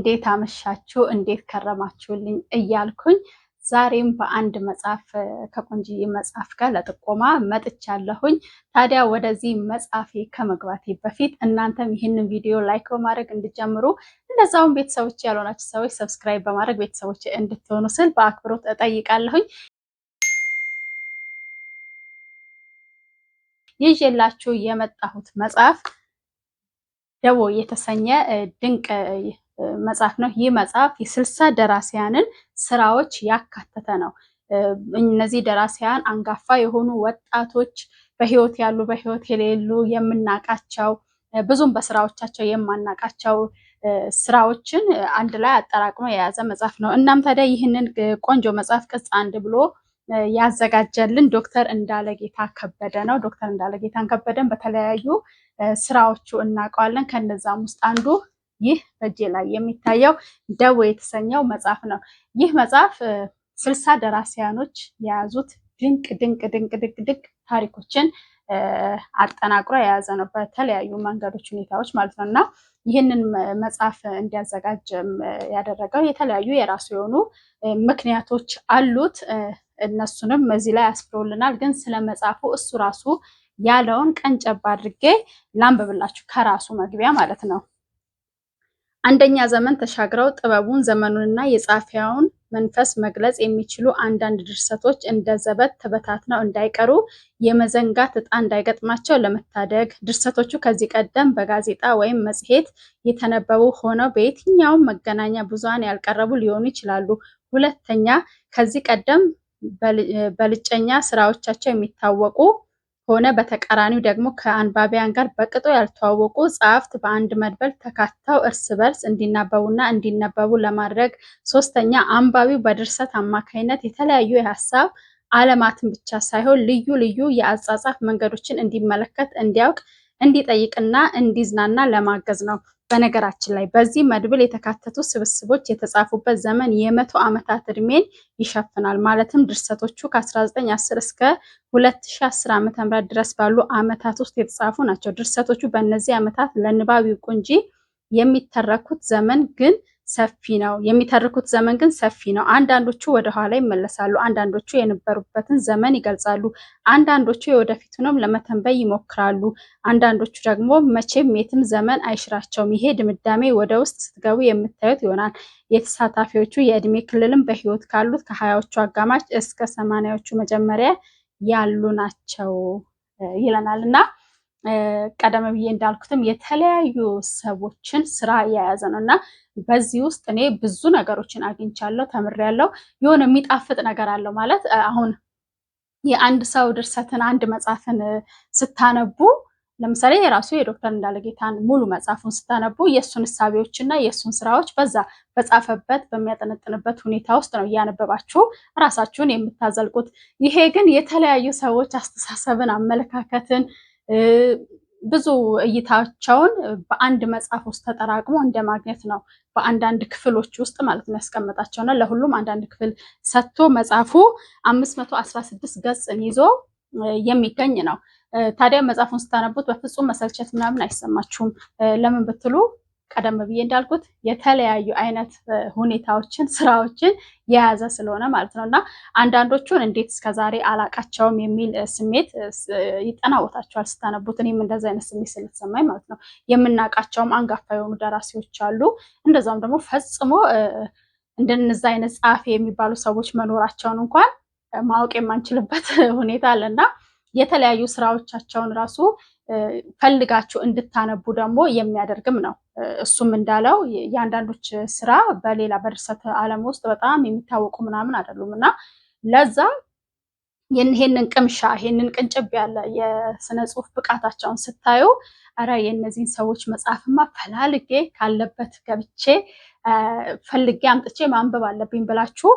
እንዴት አመሻችሁ፣ እንዴት ከረማችሁልኝ እያልኩኝ ዛሬም በአንድ መጽሐፍ ከቆንጅዬ መጽሐፍ ጋር ለጥቆማ መጥቻለሁኝ። ታዲያ ወደዚህ መጽሐፌ ከመግባቴ በፊት እናንተም ይህንን ቪዲዮ ላይክ በማድረግ እንድጀምሩ እንደዛውም ቤተሰቦች ያልሆናችሁ ሰዎች ሰብስክራይብ በማድረግ ቤተሰቦች እንድትሆኑ ስል በአክብሮት እጠይቃለሁኝ። ይዤላችሁ የመጣሁት መጽሐፍ ደቦ የተሰኘ ድንቅ መጽሐፍ ነው። ይህ መጽሐፍ የስልሳ ደራሲያንን ስራዎች ያካተተ ነው። እነዚህ ደራሲያን አንጋፋ የሆኑ ወጣቶች፣ በህይወት ያሉ፣ በህይወት የሌሉ የምናቃቸው ብዙም በስራዎቻቸው የማናቃቸው ስራዎችን አንድ ላይ አጠራቅሞ የያዘ መጽሐፍ ነው። እናም ታዲያ ይህንን ቆንጆ መጽሐፍ ቅጽ አንድ ብሎ ያዘጋጀልን ዶክተር እንዳለጌታ ከበደ ነው። ዶክተር እንዳለጌታን ከበደን በተለያዩ ስራዎቹ እናውቀዋለን። ከነዛም ውስጥ አንዱ ይህ በእጄ ላይ የሚታየው ደዌ የተሰኘው መጽሐፍ ነው። ይህ መጽሐፍ ስልሳ ደራሲያኖች የያዙት ድንቅ ድንቅ ድንቅ ድንቅ ድንቅ ታሪኮችን አጠናቅሮ የያዘ ነው። በተለያዩ መንገዶች፣ ሁኔታዎች ማለት ነው እና ይህንን መጽሐፍ እንዲያዘጋጅ ያደረገው የተለያዩ የራሱ የሆኑ ምክንያቶች አሉት። እነሱንም እዚህ ላይ አስፍሮልናል ግን ስለ መጽሐፉ እሱ ራሱ ያለውን ቀንጨብ አድርጌ ላንብብላችሁ ከራሱ መግቢያ ማለት ነው። አንደኛ ዘመን ተሻግረው ጥበቡን ዘመኑንና የጻፊያውን መንፈስ መግለጽ የሚችሉ አንዳንድ ድርሰቶች እንደ ዘበት ተበታትነው እንዳይቀሩ የመዘንጋት ዕጣ እንዳይገጥማቸው ለመታደግ ድርሰቶቹ ከዚህ ቀደም በጋዜጣ ወይም መጽሔት የተነበቡ ሆነው በየትኛውም መገናኛ ብዙሃን ያልቀረቡ ሊሆኑ ይችላሉ። ሁለተኛ ከዚህ ቀደም በልጨኛ ስራዎቻቸው የሚታወቁ ሆነ በተቃራኒው ደግሞ ከአንባቢያን ጋር በቅጡ ያልተዋወቁ ጸሐፍት በአንድ መድበል ተካተው እርስ በርስ እንዲናበቡና እንዲነበቡ ለማድረግ ሶስተኛ አንባቢው በድርሰት አማካይነት የተለያዩ የሀሳብ አለማትን ብቻ ሳይሆን ልዩ ልዩ የአጻጻፍ መንገዶችን እንዲመለከት፣ እንዲያውቅ፣ እንዲጠይቅና እንዲዝናና ለማገዝ ነው። በነገራችን ላይ በዚህ መድብል የተካተቱ ስብስቦች የተጻፉበት ዘመን የመቶ ዓመታት እድሜን ይሸፍናል። ማለትም ድርሰቶቹ ከ1910 እስከ 2010 ዓ.ም ድረስ ባሉ ዓመታት ውስጥ የተጻፉ ናቸው። ድርሰቶቹ በእነዚህ ዓመታት ለንባብ ይብቁ እንጂ የሚተረኩት ዘመን ግን ሰፊ ነው። የሚተርኩት ዘመን ግን ሰፊ ነው። አንዳንዶቹ ወደኋላ ይመለሳሉ፣ አንዳንዶቹ የነበሩበትን ዘመን ይገልጻሉ፣ አንዳንዶቹ የወደፊቱንም ለመተንበይ ይሞክራሉ፣ አንዳንዶቹ ደግሞ መቼም የትም ዘመን አይሽራቸውም። ይሄ ድምዳሜ ወደ ውስጥ ስትገቡ የምታዩት ይሆናል። የተሳታፊዎቹ የእድሜ ክልልም በህይወት ካሉት ከሀያዎቹ አጋማሽ እስከ ሰማንያዎቹ መጀመሪያ ያሉ ናቸው ይለናል እና ቀደም ብዬ እንዳልኩትም የተለያዩ ሰዎችን ስራ የያዘ ነው እና በዚህ ውስጥ እኔ ብዙ ነገሮችን አግኝቻለሁ፣ ተምሬያለሁ። የሆነ የሚጣፍጥ ነገር አለው ማለት አሁን የአንድ ሰው ድርሰትን አንድ መጽሐፍን ስታነቡ ለምሳሌ የራሱ የዶክተር እንዳለጌታን ሙሉ መጽሐፉን ስታነቡ የእሱን እሳቢዎች እና የእሱን ስራዎች በዛ በጻፈበት በሚያጠነጥንበት ሁኔታ ውስጥ ነው እያነበባችሁ ራሳችሁን የምታዘልቁት። ይሄ ግን የተለያዩ ሰዎች አስተሳሰብን፣ አመለካከትን ብዙ እይታቸውን በአንድ መጽሐፍ ውስጥ ተጠራቅሞ እንደ ማግኘት ነው። በአንዳንድ ክፍሎች ውስጥ ማለት ነው ያስቀመጣቸውና ለሁሉም አንዳንድ ክፍል ሰጥቶ መጽሐፉ አምስት መቶ አስራ ስድስት ገጽን ይዞ የሚገኝ ነው። ታዲያ መጽሐፉን ስታነቡት በፍጹም መሰልቸት ምናምን አይሰማችሁም። ለምን ብትሉ ቀደም ብዬ እንዳልኩት የተለያዩ አይነት ሁኔታዎችን ስራዎችን የያዘ ስለሆነ ማለት ነው እና አንዳንዶቹን እንዴት እስከዛሬ አላቃቸውም የሚል ስሜት ይጠናወታቸዋል ስታነቡት። እኔም እንደዚ አይነት ስሜት ስለተሰማኝ ማለት ነው የምናውቃቸውም አንጋፋ የሆኑ ደራሲዎች አሉ። እንደዛም ደግሞ ፈጽሞ እንደነዚ አይነት ጸሐፊ የሚባሉ ሰዎች መኖራቸውን እንኳን ማወቅ የማንችልበት ሁኔታ አለ እና የተለያዩ ስራዎቻቸውን ራሱ ፈልጋችሁ እንድታነቡ ደግሞ የሚያደርግም ነው። እሱም እንዳለው የአንዳንዶች ስራ በሌላ በድርሰት ዓለም ውስጥ በጣም የሚታወቁ ምናምን አይደሉም እና ለዛ ይህንን ቅምሻ ይህንን ቅንጭብ ያለ የስነ ጽሁፍ ብቃታቸውን ስታዩ ኧረ የእነዚህን ሰዎች መጽሐፍማ ፈላልጌ ካለበት ገብቼ ፈልጌ አምጥቼ ማንበብ አለብኝ ብላችሁ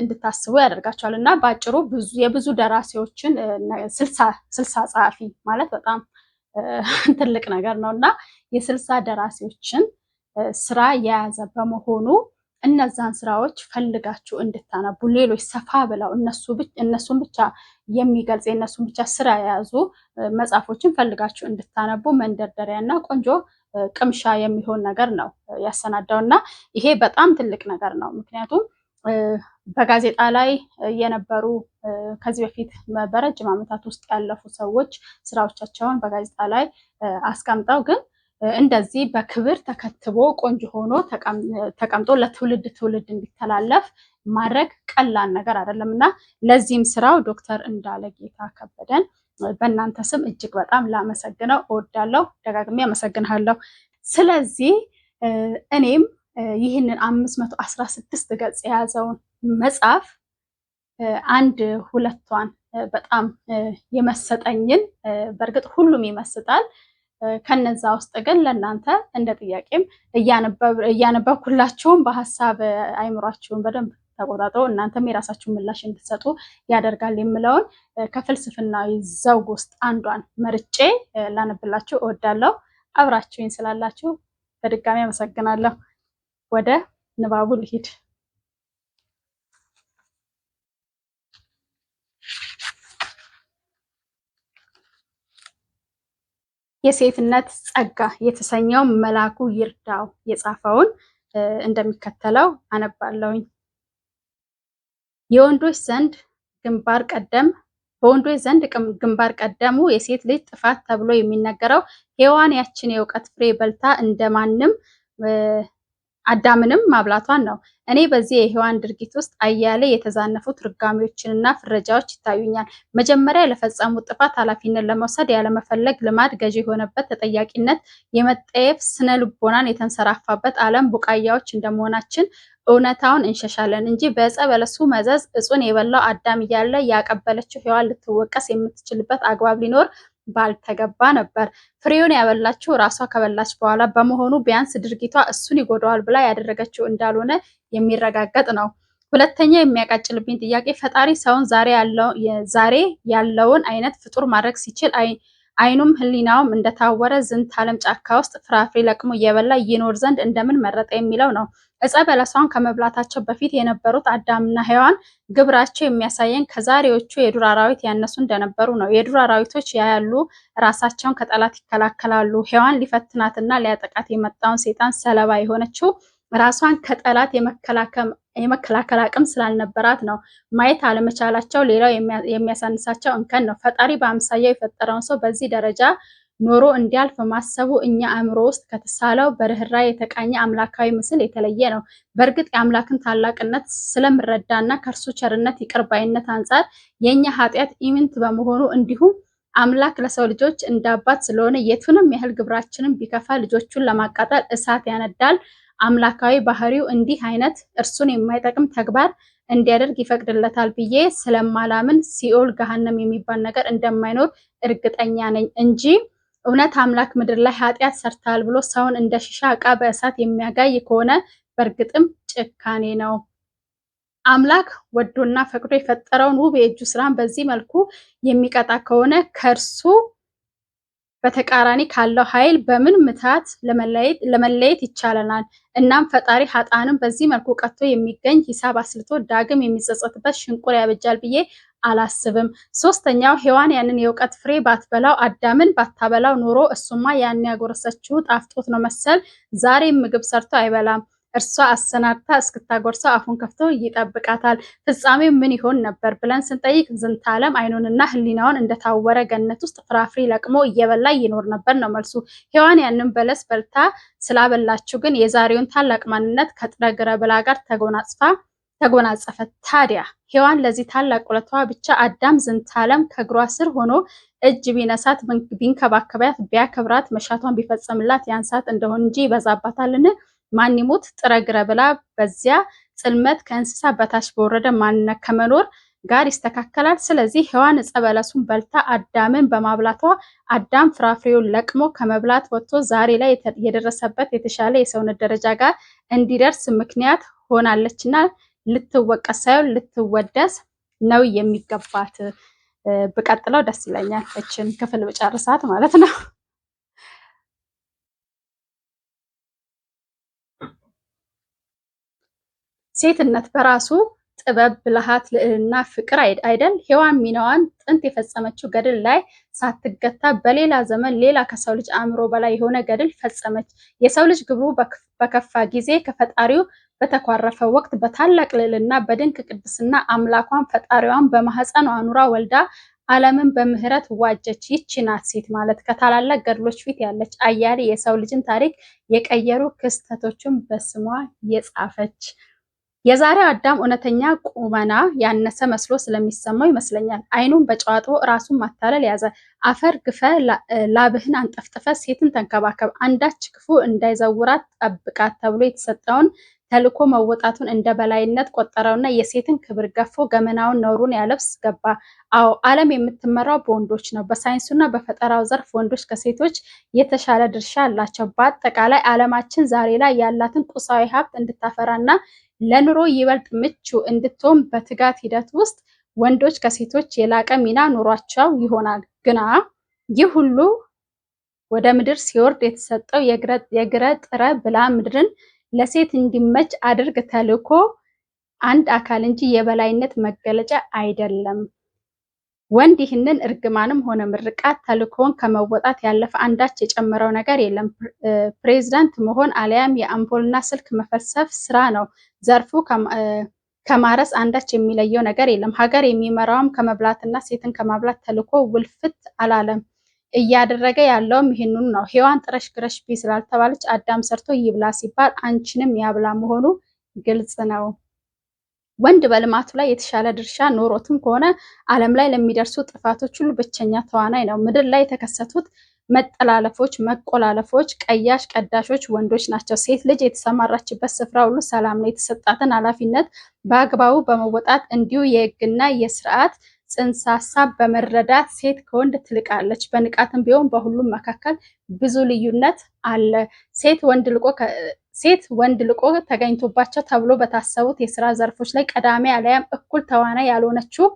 እንድታስቡ ያደርጋቸዋል እና በአጭሩ የብዙ ደራሲዎችን ስልሳ ጸሐፊ ማለት በጣም ትልቅ ነገር ነው እና የስልሳ ደራሲዎችን ስራ የያዘ በመሆኑ እነዛን ስራዎች ፈልጋችሁ እንድታነቡ ሌሎች ሰፋ ብለው እነሱን ብቻ የሚገልጽ የእነሱን ብቻ ስራ የያዙ መጽሐፎችን ፈልጋችሁ እንድታነቡ መንደርደሪያ እና ቆንጆ ቅምሻ የሚሆን ነገር ነው ያሰናዳው እና ይሄ በጣም ትልቅ ነገር ነው ምክንያቱም በጋዜጣ ላይ የነበሩ ከዚህ በፊት በረጅም ዓመታት ውስጥ ያለፉ ሰዎች ስራዎቻቸውን በጋዜጣ ላይ አስቀምጠው ግን እንደዚህ በክብር ተከትቦ ቆንጆ ሆኖ ተቀምጦ ለትውልድ ትውልድ እንዲተላለፍ ማድረግ ቀላል ነገር አይደለም እና ለዚህም ስራው ዶክተር እንዳለ ጌታ ከበደን በእናንተ ስም እጅግ በጣም ላመሰግነው እወዳለሁ። ደጋግሜ አመሰግንሃለሁ። ስለዚህ እኔም ይህንን አምስት መቶ አስራ ስድስት ገጽ የያዘውን መጽሐፍ አንድ ሁለቷን በጣም የመሰጠኝን በእርግጥ ሁሉም ይመስጣል። ከነዛ ውስጥ ግን ለእናንተ እንደ ጥያቄም እያነበብኩላችሁም በሀሳብ አይምሯችሁን በደንብ ተቆጣጥሮ እናንተም የራሳችሁን ምላሽ እንድትሰጡ ያደርጋል የምለውን ከፍልስፍናዊ ዘውግ ውስጥ አንዷን መርጬ ላነብላችሁ እወዳለሁ። አብራችሁኝ ስላላችሁ በድጋሚ አመሰግናለሁ። ወደ ንባቡ ልሂድ። የሴትነት ጸጋ የተሰኘው መላኩ ይርዳው የጻፈውን እንደሚከተለው አነባለሁኝ። የወንዶች ዘንድ ግንባር ቀደም በወንዶች ዘንድ ግንባር ቀደሙ የሴት ልጅ ጥፋት ተብሎ የሚነገረው ሔዋን ያችን የእውቀት ፍሬ በልታ እንደማንም አዳምንም ማብላቷን ነው። እኔ በዚህ የሔዋን ድርጊት ውስጥ አያሌ የተዛነፉ ትርጓሜዎችንና ፍረጃዎች ይታዩኛል። መጀመሪያ ለፈጸሙት ጥፋት ኃላፊነት ለመውሰድ ያለመፈለግ ልማድ ገዢ የሆነበት ተጠያቂነት፣ የመጠየፍ ስነ ልቦናን የተንሰራፋበት ዓለም ቡቃያዎች እንደመሆናችን እውነታውን እንሸሻለን እንጂ በዕፀ በለሱ መዘዝ እጹን የበላው አዳም እያለ ያቀበለችው ሔዋን ልትወቀስ የምትችልበት አግባብ ሊኖር ባልተገባ ነበር። ፍሬውን ያበላችው ራሷ ከበላች በኋላ በመሆኑ ቢያንስ ድርጊቷ እሱን ይጎዳዋል ብላ ያደረገችው እንዳልሆነ የሚረጋገጥ ነው። ሁለተኛ የሚያቃጭልብኝ ጥያቄ ፈጣሪ ሰውን ዛሬ ያለውን አይነት ፍጡር ማድረግ ሲችል አይኑም ህሊናውም እንደታወረ ዝንታለም ጫካ ውስጥ ፍራፍሬ ለቅሞ እየበላ ይኖር ዘንድ እንደምን መረጠ የሚለው ነው። እጸ በለሷን ከመብላታቸው በፊት የነበሩት አዳምና ሔዋን ግብራቸው የሚያሳየን ከዛሬዎቹ የዱር አራዊት ያነሱ እንደነበሩ ነው። የዱር አራዊቶች ያያሉ፣ ራሳቸውን ከጠላት ይከላከላሉ። ሔዋን ሊፈትናትና ሊያጠቃት የመጣውን ሰይጣን ሰለባ የሆነችው ራሷን ከጠላት የመከላከል የመከላከል አቅም ስላልነበራት ነው። ማየት አለመቻላቸው ሌላው የሚያሳንሳቸው እንከን ነው። ፈጣሪ በአምሳያው የፈጠረውን ሰው በዚህ ደረጃ ኖሮ እንዲያልፍ ማሰቡ እኛ አእምሮ ውስጥ ከተሳለው በርኅራ የተቃኘ አምላካዊ ምስል የተለየ ነው። በእርግጥ የአምላክን ታላቅነት ስለምረዳና ከእርሱ ቸርነት ይቅርባይነት አንጻር የእኛ ኃጢአት ኢምንት በመሆኑ እንዲሁም አምላክ ለሰው ልጆች እንደ አባት ስለሆነ የቱንም ያህል ግብራችንን ቢከፋ ልጆቹን ለማቃጠል እሳት ያነዳል። አምላካዊ ባህሪው እንዲህ አይነት እርሱን የማይጠቅም ተግባር እንዲያደርግ ይፈቅድለታል ብዬ ስለማላምን ሲኦል ገሃነም የሚባል ነገር እንደማይኖር እርግጠኛ ነኝ እንጂ እውነት አምላክ ምድር ላይ ኃጢአት ሰርታል ብሎ ሰውን እንደ ሽሻ ዕቃ በእሳት የሚያጋይ ከሆነ በእርግጥም ጭካኔ ነው። አምላክ ወዶና ፈቅዶ የፈጠረውን ውብ የእጁ ስራን በዚህ መልኩ የሚቀጣ ከሆነ ከእርሱ በተቃራኒ ካለው ኃይል በምን ምታት ለመለየት ይቻለናል? እናም ፈጣሪ ሀጣንም በዚህ መልኩ ቀጥቶ የሚገኝ ሂሳብ አስልቶ ዳግም የሚጸጸትበት ሽንቁር ያበጃል ብዬ አላስብም። ሶስተኛው ሔዋን ያንን የእውቀት ፍሬ ባትበላው አዳምን ባታበላው ኖሮ እሱማ ያን ያጎረሰችው ጣፍጦት ነው መሰል ዛሬም ምግብ ሰርቶ አይበላም። እርሷ አሰናድታ እስክታጎርሰው አፉን ከፍቶ ይጠብቃታል። ፍጻሜው ምን ይሆን ነበር ብለን ስንጠይቅ ዝንታለም አይኑንና ህሊናውን እንደታወረ ገነት ውስጥ ፍራፍሬ ለቅሞ እየበላ ይኖር ነበር ነው መልሱ። ሔዋን ያንን በለስ በልታ ስላበላችው ግን የዛሬውን ታላቅ ማንነት ከጥረ ግረ ብላ ጋር ተጎናጽፋ ተጎናጸፈ። ታዲያ ሔዋን ለዚህ ታላቅ ውለቷ ብቻ አዳም ዝንታለም ከእግሯ ስር ሆኖ እጅ ቢነሳት ቢንከባከባያት፣ ቢያከብራት መሻቷን ቢፈጸምላት ያንሳት እንደሆን እንጂ ይበዛባታልን? ማን ይሙት ጥረ ብላ በዚያ ጽልመት ከእንስሳ በታች በወረደ ማንነት ከመኖር ጋር ይስተካከላል። ስለዚህ ሔዋን ዕፀ በለሱን በልታ አዳምን በማብላቷ አዳም ፍራፍሬውን ለቅሞ ከመብላት ወጥቶ ዛሬ ላይ የደረሰበት የተሻለ የሰውነት ደረጃ ጋር እንዲደርስ ምክንያት ሆናለችና ልትወቀስ ሳይሆን ልትወደስ ነው የሚገባት። ብቀጥለው ደስ ይለኛል። እችን ክፍል ብጨርሳት ማለት ነው። ሴትነት በራሱ ጥበብ፣ ብልሃት፣ ልዕልና፣ ፍቅር አይደል? ሔዋን ሚናዋን ጥንት የፈጸመችው ገድል ላይ ሳትገታ በሌላ ዘመን ሌላ ከሰው ልጅ አእምሮ በላይ የሆነ ገድል ፈጸመች። የሰው ልጅ ግብሩ በከፋ ጊዜ ከፈጣሪው በተኳረፈ ወቅት በታላቅ ልዕልና በድንቅ ቅድስና አምላኳን ፈጣሪዋን በማህፀኗ አኑራ ወልዳ ዓለምን በምህረት ዋጀች። ይቺ ናት ሴት ማለት። ከታላላቅ ገድሎች ፊት ያለች አያሌ የሰው ልጅን ታሪክ የቀየሩ ክስተቶችን በስሟ የጻፈች የዛሬ አዳም እውነተኛ ቁመና ያነሰ መስሎ ስለሚሰማው ይመስለኛል። አይኑን በጨዋጦ ራሱን ማታለል ያዘ። አፈር ግፈ፣ ላብህን አንጠፍጥፈ፣ ሴትን ተንከባከብ፣ አንዳች ክፉ እንዳይዘውራት ጠብቃት ተብሎ የተሰጠውን ተልኮ መወጣቱን እንደ በላይነት ቆጠረውና የሴትን ክብር ገፎ ገመናውን ነውሩን ያለብስ ገባ። አዎ ዓለም የምትመራው በወንዶች ነው። በሳይንሱና በፈጠራው ዘርፍ ወንዶች ከሴቶች የተሻለ ድርሻ አላቸው። በአጠቃላይ ዓለማችን ዛሬ ላይ ያላትን ቁሳዊ ሀብት እንድታፈራና ለኑሮ ይበልጥ ምቹ እንድትሆን በትጋት ሂደት ውስጥ ወንዶች ከሴቶች የላቀ ሚና ኑሯቸው ይሆናል ግና ይህ ሁሉ ወደ ምድር ሲወርድ የተሰጠው የግረ ጥረ ብላ ምድርን ለሴት እንዲመች አድርግ ተልኮ አንድ አካል እንጂ የበላይነት መገለጫ አይደለም። ወንድ ይህንን እርግማንም ሆነ ምርቃት ተልእኮውን ከመወጣት ያለፈ አንዳች የጨመረው ነገር የለም። ፕሬዝዳንት መሆን አሊያም የአምፖልና ስልክ መፈልሰፍ ስራ ነው። ዘርፉ ከማረስ አንዳች የሚለየው ነገር የለም። ሀገር የሚመራውም ከመብላትና ሴትን ከማብላት ተልእኮ ውልፍት አላለም። እያደረገ ያለውም ይህንኑ ነው። ሔዋን ጥረሽ ግረሽ ቢ ስላልተባለች አዳም ሰርቶ ይብላ ሲባል አንቺንም ያብላ መሆኑ ግልጽ ነው። ወንድ በልማቱ ላይ የተሻለ ድርሻ ኖሮትም ከሆነ ዓለም ላይ ለሚደርሱ ጥፋቶች ሁሉ ብቸኛ ተዋናይ ነው። ምድር ላይ የተከሰቱት መጠላለፎች፣ መቆላለፎች፣ ቀያሽ ቀዳሾች ወንዶች ናቸው። ሴት ልጅ የተሰማራችበት ስፍራ ሁሉ ሰላም ነው። የተሰጣትን ኃላፊነት በአግባቡ በመወጣት እንዲሁ የህግና የስርዓት ጽንሰ ሀሳብ በመረዳት ሴት ከወንድ ትልቃለች። በንቃትም ቢሆን በሁሉም መካከል ብዙ ልዩነት አለ። ሴት ወንድ ልቆ ሴት ወንድ ልቆ ተገኝቶባቸው ተብሎ በታሰቡት የስራ ዘርፎች ላይ ቀዳሚ አለያም እኩል ተዋናይ ያልሆነችው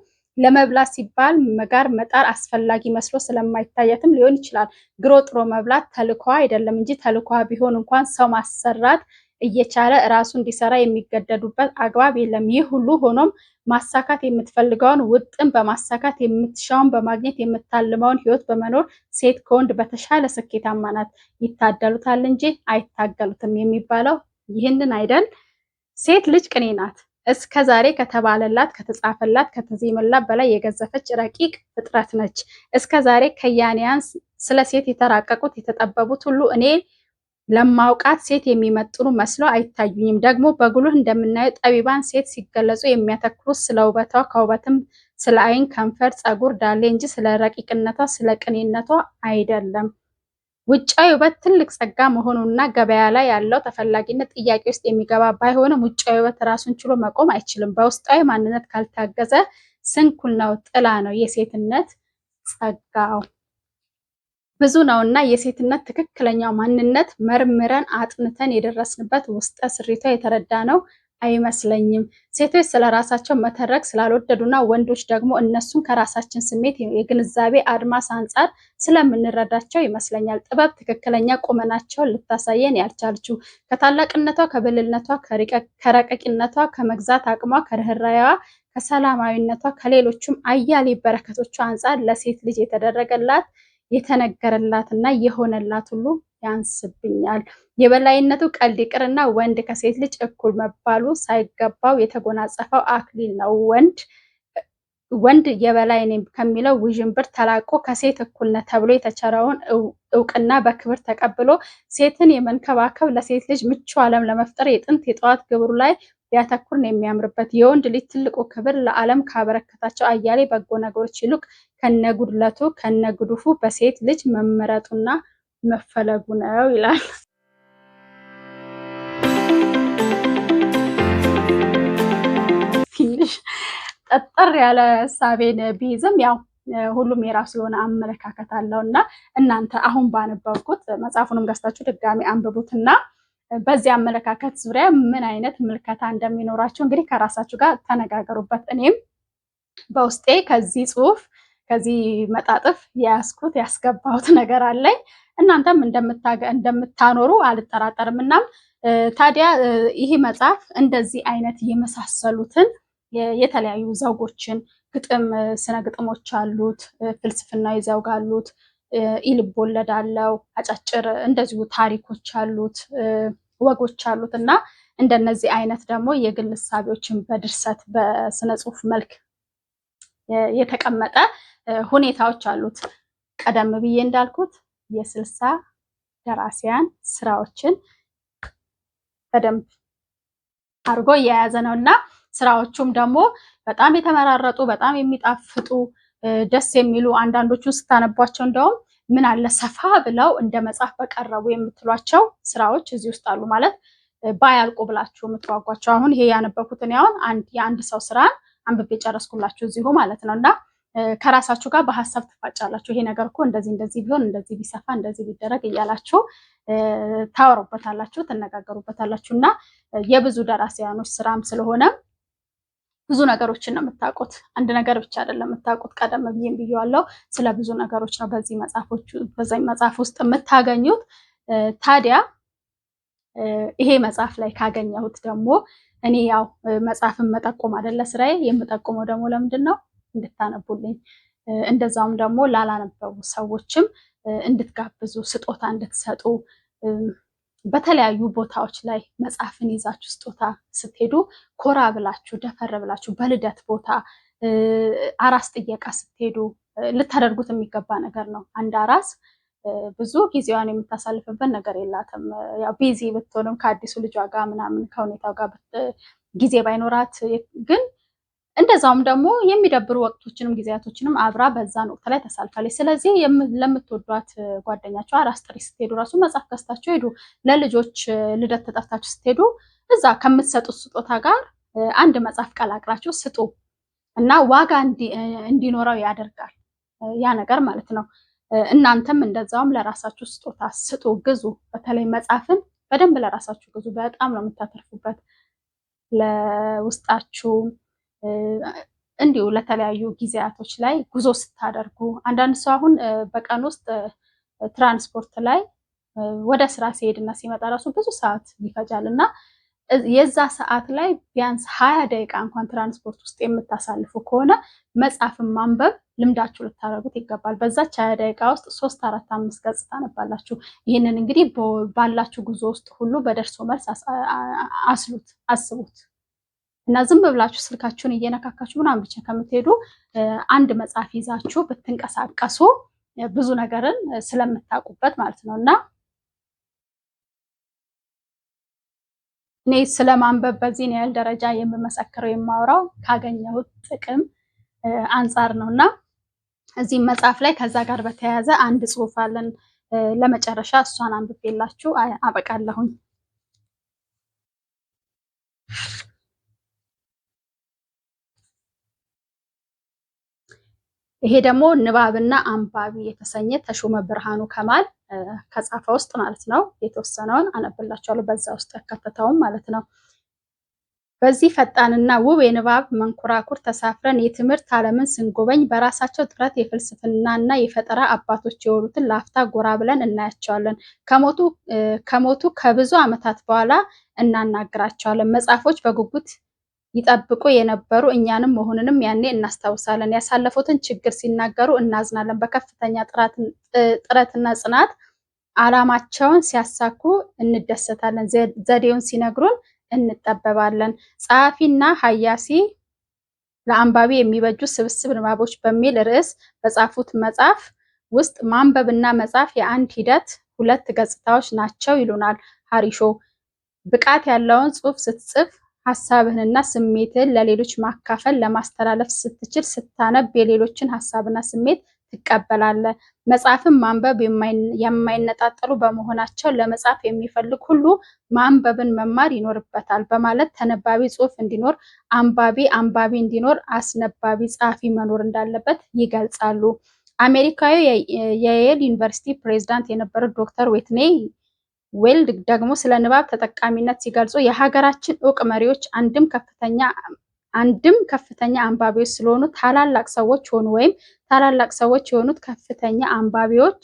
ለመብላት ሲባል መጋር መጣር አስፈላጊ መስሎ ስለማይታየትም ሊሆን ይችላል። ግሮ ጥሮ መብላት ተልኳ አይደለም እንጂ ተልኳ ቢሆን እንኳን ሰው ማሰራት እየቻለ ራሱ እንዲሰራ የሚገደዱበት አግባብ የለም። ይህ ሁሉ ሆኖም ማሳካት የምትፈልገውን ውጥን በማሳካት የምትሻውን በማግኘት የምታልመውን ህይወት በመኖር ሴት ከወንድ በተሻለ ስኬታማ ናት። ይታደሉታል እንጂ አይታገሉትም የሚባለው ይህንን አይደል? ሴት ልጅ ቅኔ ናት። እስከ ዛሬ ከተባለላት ከተጻፈላት ከተዜመላት በላይ የገዘፈች ረቂቅ ፍጥረት ነች። እስከ ዛሬ ከያንያን ስለ ሴት የተራቀቁት የተጠበቡት ሁሉ እኔ ለማውቃት ሴት የሚመጥኑ መስለው አይታዩኝም። ደግሞ በጉልህ እንደምናየው ጠቢባን ሴት ሲገለጹ የሚያተኩሩት ስለ ውበቷ ከውበትም ስለ አይን ከንፈር፣ ጸጉር፣ ዳሌ እንጂ ስለ ረቂቅነቷ ስለ ቅኔነቷ አይደለም። ውጫዊ ውበት ትልቅ ጸጋ መሆኑና ገበያ ላይ ያለው ተፈላጊነት ጥያቄ ውስጥ የሚገባ ባይሆንም ውጫዊ ውበት ራሱን ችሎ መቆም አይችልም። በውስጣዊ ማንነት ካልታገዘ ስንኩል ነው፣ ጥላ ነው የሴትነት ጸጋው። ብዙ ነውና የሴትነት ትክክለኛ ማንነት መርምረን አጥንተን የደረስንበት ውስጠ ስሪቷ የተረዳ ነው አይመስለኝም። ሴቶች ስለ ራሳቸው መተረክ ስላልወደዱና ወንዶች ደግሞ እነሱን ከራሳችን ስሜት የግንዛቤ አድማስ አንጻር ስለምንረዳቸው ይመስለኛል ጥበብ ትክክለኛ ቁመናቸውን ልታሳየን ያልቻለችው። ከታላቅነቷ፣ ከብልልነቷ፣ ከረቀቂነቷ፣ ከመግዛት አቅሟ፣ ከርኅራኄዋ፣ ከሰላማዊነቷ፣ ከሌሎቹም አያሌ በረከቶቿ አንጻር ለሴት ልጅ የተደረገላት የተነገረላት እና የሆነላት ሁሉ ያንስብኛል። የበላይነቱ ቀልድ ይቅርና ወንድ ከሴት ልጅ እኩል መባሉ ሳይገባው የተጎናጸፈው አክሊል ነው። ወንድ ወንድ የበላይ ነኝ ከሚለው ውዥንብር ተላቆ ከሴት እኩል ተብሎ የተቸረውን እውቅና በክብር ተቀብሎ ሴትን የመንከባከብ ለሴት ልጅ ምቹ ዓለም ለመፍጠር የጥንት የጠዋት ግብሩ ላይ ሊያተኩርን የሚያምርበት። የወንድ ልጅ ትልቁ ክብር ለዓለም ካበረከታቸው አያሌ በጎ ነገሮች ይልቅ ከነጉድለቱ ከነግዱፉ በሴት ልጅ መመረጡና መፈለጉ ነው ይላል። ትንሽ ጠጠር ያለ ሳቤን ቢይዝም ያው ሁሉም የራሱ የሆነ አመለካከት አለው እና እናንተ አሁን ባነበብኩት መጽሐፉንም ገዝታችሁ ድጋሚ አንብቡትና በዚህ አመለካከት ዙሪያ ምን አይነት ምልከታ እንደሚኖራቸው እንግዲህ ከራሳችሁ ጋር ተነጋገሩበት። እኔም በውስጤ ከዚህ ጽሁፍ ከዚህ መጣጥፍ የያዝኩት ያስገባሁት ነገር አለኝ። እናንተም እንደምታኖሩ አልጠራጠርም። እናም ታዲያ ይህ መጽሐፍ እንደዚህ አይነት የመሳሰሉትን የተለያዩ ዘውጎችን ግጥም፣ ስነ ግጥሞች አሉት፣ ፍልስፍናዊ ዘውግ አሉት፣ ኢልቦለድ አለው፣ አጫጭር እንደዚሁ ታሪኮች አሉት፣ ወጎች አሉት እና እንደነዚህ አይነት ደግሞ የግል እሳቤዎችን በድርሰት በስነ ጽሁፍ መልክ የተቀመጠ ሁኔታዎች አሉት። ቀደም ብዬ እንዳልኩት የስልሳ ደራሲያን ስራዎችን በደንብ አድርጎ የያዘ ነው እና ስራዎቹም ደግሞ በጣም የተመራረጡ በጣም የሚጣፍጡ ደስ የሚሉ አንዳንዶቹን ስታነቧቸው እንደውም ምን አለ ሰፋ ብለው እንደ መጽሐፍ በቀረቡ የምትሏቸው ስራዎች እዚህ ውስጥ አሉ። ማለት ባያልቁ ብላችሁ የምትጓጓቸው አሁን ይሄ ያነበኩትን ያሁን የአንድ ሰው ስራን አንብቤ ጨረስኩላችሁ እዚሁ ማለት ነው እና ከራሳችሁ ጋር በሀሳብ ትፋጫላችሁ። ይሄ ነገር እኮ እንደዚህ እንደዚህ ቢሆን እንደዚህ ቢሰፋ እንደዚህ ቢደረግ እያላችሁ ታወሩበታላችሁ፣ ትነጋገሩበታላችሁ እና የብዙ ደራሲያኖች ስራም ስለሆነም ብዙ ነገሮችን ነው የምታውቁት። አንድ ነገር ብቻ አይደለም የምታውቁት። ቀደም ብዬም ብዬዋለሁ፣ ስለ ብዙ ነገሮች ነው በዚህ መጽሐፎች በዚህ መጽሐፍ ውስጥ የምታገኙት። ታዲያ ይሄ መጽሐፍ ላይ ካገኘሁት ደግሞ እኔ ያው መጽሐፍን መጠቆም አይደለ ስራዬ። የምጠቁመው ደግሞ ለምንድን ነው እንድታነቡልኝ፣ እንደዛውም ደግሞ ላላነበቡ ሰዎችም እንድትጋብዙ ስጦታ እንድትሰጡ በተለያዩ ቦታዎች ላይ መጽሐፍን ይዛችሁ ስጦታ ስትሄዱ ኮራ ብላችሁ ደፈር ብላችሁ በልደት ቦታ አራስ ጥየቃ ስትሄዱ ልታደርጉት የሚገባ ነገር ነው። አንድ አራስ ብዙ ጊዜዋን የምታሳልፍበት ነገር የላትም። ያው ቢዚ ብትሆንም ከአዲሱ ልጇ ጋር ምናምን ከሁኔታው ጋር ጊዜ ባይኖራት ግን እንደዛውም ደግሞ የሚደብሩ ወቅቶችንም ጊዜያቶችንም አብራ በዛን ወቅት ላይ ተሳልፋለች። ስለዚህ ለምትወዷት ጓደኛቸው አራስ ጥሪ ስትሄዱ ራሱ መጽሐፍ ገዝታችሁ ሄዱ። ለልጆች ልደት ተጠርታችሁ ስትሄዱ እዛ ከምትሰጡት ስጦታ ጋር አንድ መጽሐፍ ቀላቅላችሁ ስጡ እና ዋጋ እንዲኖረው ያደርጋል ያ ነገር ማለት ነው። እናንተም እንደዛውም ለራሳችሁ ስጦታ ስጡ፣ ግዙ። በተለይ መጽሐፍን በደንብ ለራሳችሁ ግዙ። በጣም ነው የምታተርፉበት ለውስጣችሁ እንዲሁ ለተለያዩ ጊዜያቶች ላይ ጉዞ ስታደርጉ አንዳንድ ሰው አሁን በቀን ውስጥ ትራንስፖርት ላይ ወደ ስራ ሲሄድና ሲመጣ ራሱ ብዙ ሰዓት ይፈጃል እና የዛ ሰዓት ላይ ቢያንስ ሀያ ደቂቃ እንኳን ትራንስፖርት ውስጥ የምታሳልፉ ከሆነ መጽሐፍን ማንበብ ልምዳችሁ ልታደርጉት ይገባል። በዛች ሀያ ደቂቃ ውስጥ ሶስት አራት አምስት ገጽ ታነባላችሁ። ይህንን እንግዲህ ባላችሁ ጉዞ ውስጥ ሁሉ በደርሶ መልስ አስሉት፣ አስቡት። እና ዝም ብላችሁ ስልካችሁን እየነካካችሁ ምናምን ብቻ ከምትሄዱ አንድ መጽሐፍ ይዛችሁ ብትንቀሳቀሱ ብዙ ነገርን ስለምታውቁበት ማለት ነው እና እኔ ስለማንበብ በዚህን ያህል ደረጃ የምመሰክረው የማወራው ካገኘሁት ጥቅም አንጻር ነው እና እዚህ መጽሐፍ ላይ ከዛ ጋር በተያያዘ አንድ ጽሑፍ አለን። ለመጨረሻ እሷን አንብቤላችሁ አበቃለሁኝ። ይሄ ደግሞ ንባብና አንባቢ የተሰኘ ተሾመ ብርሃኑ ከማል ከጻፈ ውስጥ ማለት ነው። የተወሰነውን አነብላቸዋለሁ በዛ ውስጥ ያካተተውም ማለት ነው። በዚህ ፈጣንና ውብ የንባብ መንኮራኩር ተሳፍረን የትምህርት ዓለምን ስንጎበኝ በራሳቸው ጥረት የፍልስፍናና የፈጠራ አባቶች የሆኑትን ላፍታ ጎራ ብለን እናያቸዋለን። ከሞቱ ከብዙ ዓመታት በኋላ እናናግራቸዋለን። መጽሐፎች በጉጉት ይጠብቁ የነበሩ እኛንም መሆንንም ያኔ እናስታውሳለን። ያሳለፉትን ችግር ሲናገሩ እናዝናለን። በከፍተኛ ጥረትና ጽናት አላማቸውን ሲያሳኩ እንደሰታለን። ዘዴውን ሲነግሩን እንጠበባለን። ጸሐፊና ሀያሲ ለአንባቢ የሚበጁ ስብስብ ንባቦች በሚል ርዕስ በጻፉት መጽሐፍ ውስጥ ማንበብና መጻፍ የአንድ ሂደት ሁለት ገጽታዎች ናቸው ይሉናል። ሀሪሾ ብቃት ያለውን ጽሑፍ ስትጽፍ ሀሳብህንና ስሜትህን ለሌሎች ማካፈል ለማስተላለፍ ስትችል ስታነብ የሌሎችን ሀሳብና ስሜት ትቀበላለህ። መጽሐፍን ማንበብ የማይነጣጠሉ በመሆናቸው ለመጻፍ የሚፈልግ ሁሉ ማንበብን መማር ይኖርበታል በማለት ተነባቢ ጽሑፍ እንዲኖር አንባቢ አንባቢ እንዲኖር አስነባቢ ጸሐፊ መኖር እንዳለበት ይገልጻሉ። አሜሪካዊ የየል ዩኒቨርሲቲ ፕሬዝዳንት የነበሩት ዶክተር ዌትኔ ዌልድ ደግሞ ስለ ንባብ ተጠቃሚነት ሲገልጹ የሀገራችን እውቅ መሪዎች አንድም ከፍተኛ አንባቢዎች ስለሆኑ ታላላቅ ሰዎች ሆኑ ወይም ታላላቅ ሰዎች የሆኑት ከፍተኛ አንባቢዎች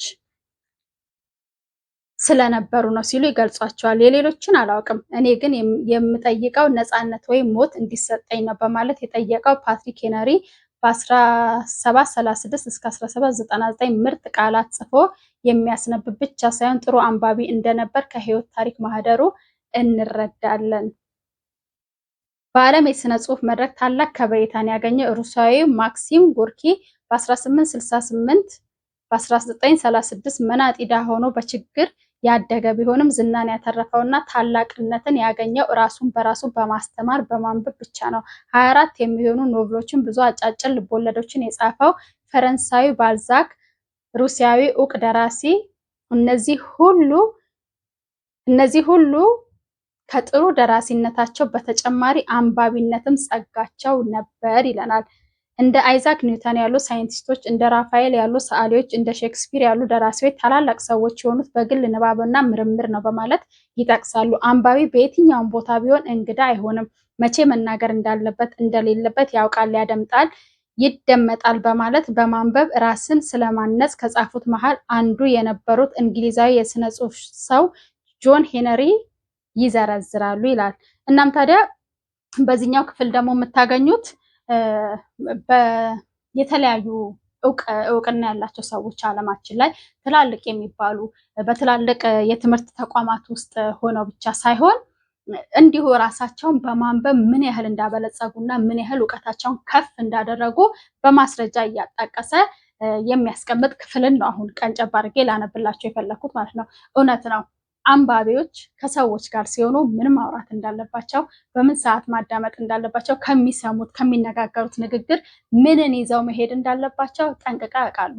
ስለነበሩ ነው ሲሉ ይገልጿቸዋል። የሌሎችን አላውቅም፣ እኔ ግን የምጠይቀው ነፃነት ወይም ሞት እንዲሰጠኝ ነው በማለት የጠየቀው ፓትሪክ ሄነሪ በ1736 እስከ 1799 ምርጥ ቃላት ጽፎ የሚያስነብብ ብቻ ሳይሆን ጥሩ አንባቢ እንደነበር ከህይወት ታሪክ ማህደሩ እንረዳለን። በዓለም የሥነ ጽሑፍ መድረክ ታላቅ ከበሬታን ያገኘው ሩሳዊ ማክሲም ጎርኪ በ1868 በ1936 መናጢዳ ሆኖ በችግር ያደገ ቢሆንም ዝናን ያተረፈውና ታላቅነትን ያገኘው ራሱን በራሱ በማስተማር በማንበብ ብቻ ነው። ሀያ አራት የሚሆኑ ኖቭሎችን ብዙ አጫጭር ልቦለዶችን የጻፈው ፈረንሳዊ ባልዛክ፣ ሩሲያዊ ኡቅ ደራሲ እነዚህ ሁሉ እነዚህ ሁሉ ከጥሩ ደራሲነታቸው በተጨማሪ አንባቢነትም ጸጋቸው ነበር ይለናል። እንደ አይዛክ ኒውተን ያሉ ሳይንቲስቶች፣ እንደ ራፋኤል ያሉ ሰዓሊዎች፣ እንደ ሼክስፒር ያሉ ደራሲዎች ታላላቅ ሰዎች የሆኑት በግል ንባብና ምርምር ነው በማለት ይጠቅሳሉ። አንባቢ በየትኛውም ቦታ ቢሆን እንግዳ አይሆንም። መቼ መናገር እንዳለበት እንደሌለበት ያውቃል፣ ያደምጣል፣ ይደመጣል በማለት በማንበብ ራስን ስለማነጽ ከጻፉት መሃል አንዱ የነበሩት እንግሊዛዊ የስነ ጽሁፍ ሰው ጆን ሄነሪ ይዘረዝራሉ ይላል። እናም ታዲያ በዚህኛው ክፍል ደግሞ የምታገኙት የተለያዩ እውቅና ያላቸው ሰዎች አለማችን ላይ ትላልቅ የሚባሉ በትላልቅ የትምህርት ተቋማት ውስጥ ሆነው ብቻ ሳይሆን እንዲሁ ራሳቸውን በማንበብ ምን ያህል እንዳበለጸጉና ምን ያህል እውቀታቸውን ከፍ እንዳደረጉ በማስረጃ እያጣቀሰ የሚያስቀምጥ ክፍልን ነው አሁን ቀንጨብ አድርጌ ላነብላቸው የፈለኩት ማለት ነው። እውነት ነው። አንባቢዎች ከሰዎች ጋር ሲሆኑ ምን ማውራት እንዳለባቸው፣ በምን ሰዓት ማዳመጥ እንዳለባቸው፣ ከሚሰሙት ከሚነጋገሩት ንግግር ምንን ይዘው መሄድ እንዳለባቸው ጠንቅቃ ያውቃሉ።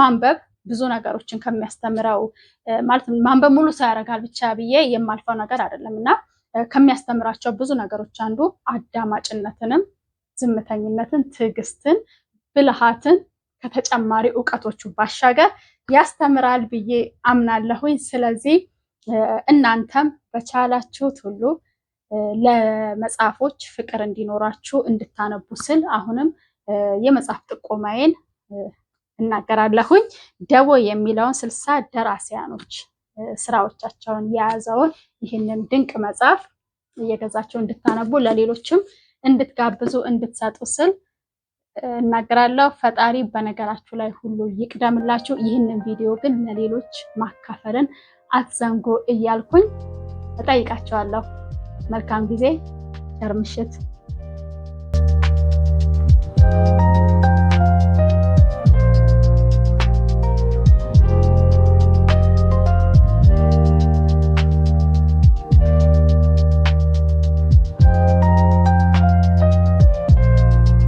ማንበብ ብዙ ነገሮችን ከሚያስተምረው ማለት ማንበብ ሙሉ ሰው ያደርጋል ብቻ ብዬ የማልፈው ነገር አይደለም እና ከሚያስተምራቸው ብዙ ነገሮች አንዱ አዳማጭነትንም፣ ዝምተኝነትን፣ ትዕግስትን፣ ብልሃትን ከተጨማሪ እውቀቶቹ ባሻገር ያስተምራል ብዬ አምናለሁኝ። ስለዚህ እናንተም በቻላችሁት ሁሉ ለመጽሐፎች ፍቅር እንዲኖራችሁ እንድታነቡ ስል አሁንም የመጽሐፍ ጥቆማዬን እናገራለሁኝ። ደቦ የሚለውን ስልሳ ደራሲያኖች ስራዎቻቸውን የያዘውን ይህንን ድንቅ መጽሐፍ እየገዛችሁ እንድታነቡ ለሌሎችም እንድትጋብዙ እንድትሰጡ ስል እናገራለሁ። ፈጣሪ በነገራችሁ ላይ ሁሉ ይቅደምላችሁ። ይህንን ቪዲዮ ግን ለሌሎች ማካፈልን አትዘንጉ እያልኩኝ እጠይቃቸዋለሁ። መልካም ጊዜ፣ ቸር ምሽት።